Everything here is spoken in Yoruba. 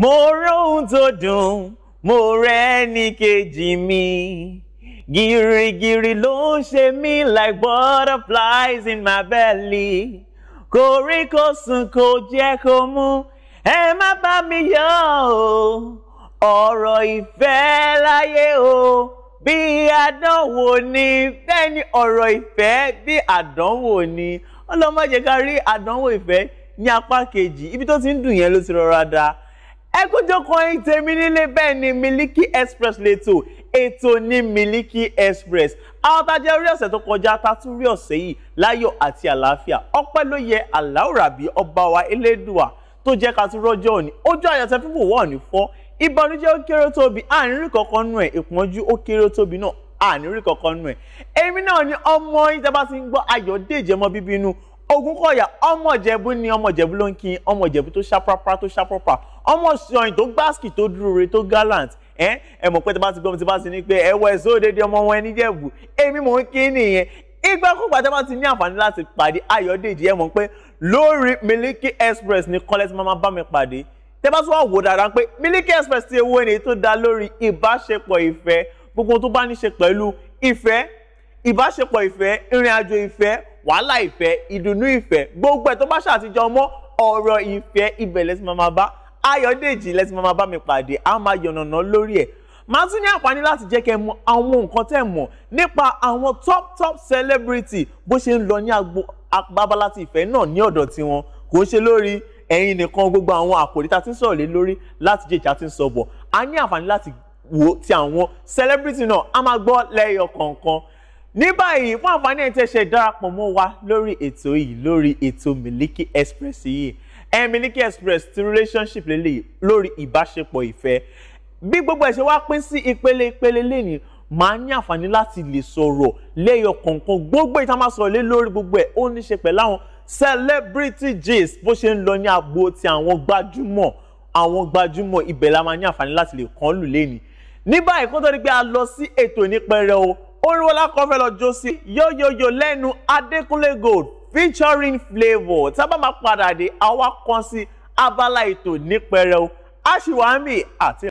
mo rohun tó dùn mo rẹ́ ní kejì mi gírígírí ló ń ṣe mí like butterflies in my belly koríko sùn kò jẹ́ kó mú ẹ má bá mi yọ̀ o ọ̀rọ̀ ìfẹ́ láyé o bí àdánwò ni bẹ́ẹ̀ ni ọ̀rọ̀ ìfẹ́ bí àdánwò ni ọlọ́mọ jẹ́ ká rí àdánwò ìfẹ́ ní apá kejì ibi tó ti ń dùn yẹn ló ti rọra dáa ẹ kú jókòó yín tèmi nílé bẹ́ẹ̀ ni Miliki Express lẹ́tọ̀ ètò ní Miliki Express àwọn tajà orí ọ̀sẹ̀ tó kọjá ta tún rí ọ̀sẹ̀ yìí láyọ̀ àti àlàáfíà ọpẹ́ ló yẹ Allahu Rabbi ọba wa elédùà tó jẹ́ ká tún rọ́jọ́ òní ojú àyàtọ̀ fífò wọ̀ ní fọ́ ìbànújẹ́ ó kéré tóbi àníírí kankan nù ẹ̀ ìpọ́njú ó kéré tóbi náà àníírí kankan nù ẹ̀ èmi náà ni ọmọ yìí tẹ́ bá ti ń gbọ́ Ayọ̀dèjì ọmọ bíbí inú Ògúnkọ̀yà ọmọ Ìjẹ̀bú ni ọmọ Ìjẹ̀bú ló ń kí ọmọ Ìjẹ̀bú tó ṣàpápá tó ṣàpápá ọmọ sọyìn tó gbáàsì tó dúró re tó gallant ẹ ẹ mọ̀ pé tí bá ti gbọ́ mi tí bá ti ní pé ẹ wọ ẹ̀sọ́ òdèdè ọmọ wọn ẹni Jẹ̀bú èmi mò ń kí nìyẹn ìgbàkúgbà tí bá ti ní àǹfààní láti pàdé Ayọ̀dèjì ẹ mọ̀ pé lórí Miliki Express ní kọ́lẹ́tì máa bá mi pàdé tẹ́ bá tún wà wò dáadáa pé Miliki Express ti ewu ẹni tó dá lórí ìbáṣepọ̀ ìfẹ́ gbogbo tó bá ní ṣe pẹ̀lú ìfẹ́ ìbáṣepọ̀ ìfẹ́ ìrìn àjò ìfẹ́ wàhálà ìfẹ́ ìdùnnú ìfẹ́ gbogbo ẹ̀ tó bá ṣàtijọ́ mọ́ ọ̀rọ̀ ìfẹ́ ibẹ̀ lẹ́sìn máa máa bá Ayọ̀dèjì lẹ́sìn máa máa bá mi pàdé á máa yànnàná lórí ẹ̀ máa tún ní àǹfààní láti jẹ́ kẹ́ mọ àwọn nǹkan tẹ́ mọ̀ nípa àwọn top top celebrity bó ṣe ń lọ ní agbo abala ti ìfẹ́ náà ní ọ̀dọ̀ tiwọn kò ń ṣe lórí ẹ̀yin nìkan gbogbo àwọn àkòrí tá ti ń sọ̀rọ̀ lé lórí láti jẹ́ ìjà tí ń sọ bọ̀ a ní àǹfààní láti wo ti àwọn celebrity náà a máa gbọ́ lẹ́yọ kọ̀ọ̀kan ní báyìí fún àǹfààní ẹ̀ tí ẹ ṣe darapọ̀ mọ́ wa lórí ètò yìí lórí ètò Miliki Express yìí ẹ Miliki Express ti relationship lélẹ̀ lórí ìbáṣepọ̀ ìfẹ́ bí gbogbo ẹ̀ ṣe wá pín sí ìpele ìpele lẹ́nìí máa ní àǹfààní láti lè sọ̀rọ̀ lẹ́yọ kọ̀ọ̀kan gbogbo ìta máa sọ̀rọ̀ lé lórí gbogbo ẹ̀ ó ní ṣe pẹ̀lú àwọn celebrity gist bó ṣe ń lọ ní agbo ti àwọn gbajúmọ̀ àwọn gbajúmọ̀ ibẹ̀ la máa ní àǹfààní láti lè kàn lù lẹ́nìí ní báyìí kó tó di pé a lọ sí ètò ìnípẹ̀rẹ̀ o orinwọlá kan fẹ́ lọ jó sí yóyóyó lẹ́nu adékúnlé gold featuring flavour tá a bá máa padà dé àwa kan sí abala ètò nípẹrẹ o aṣèwámì àti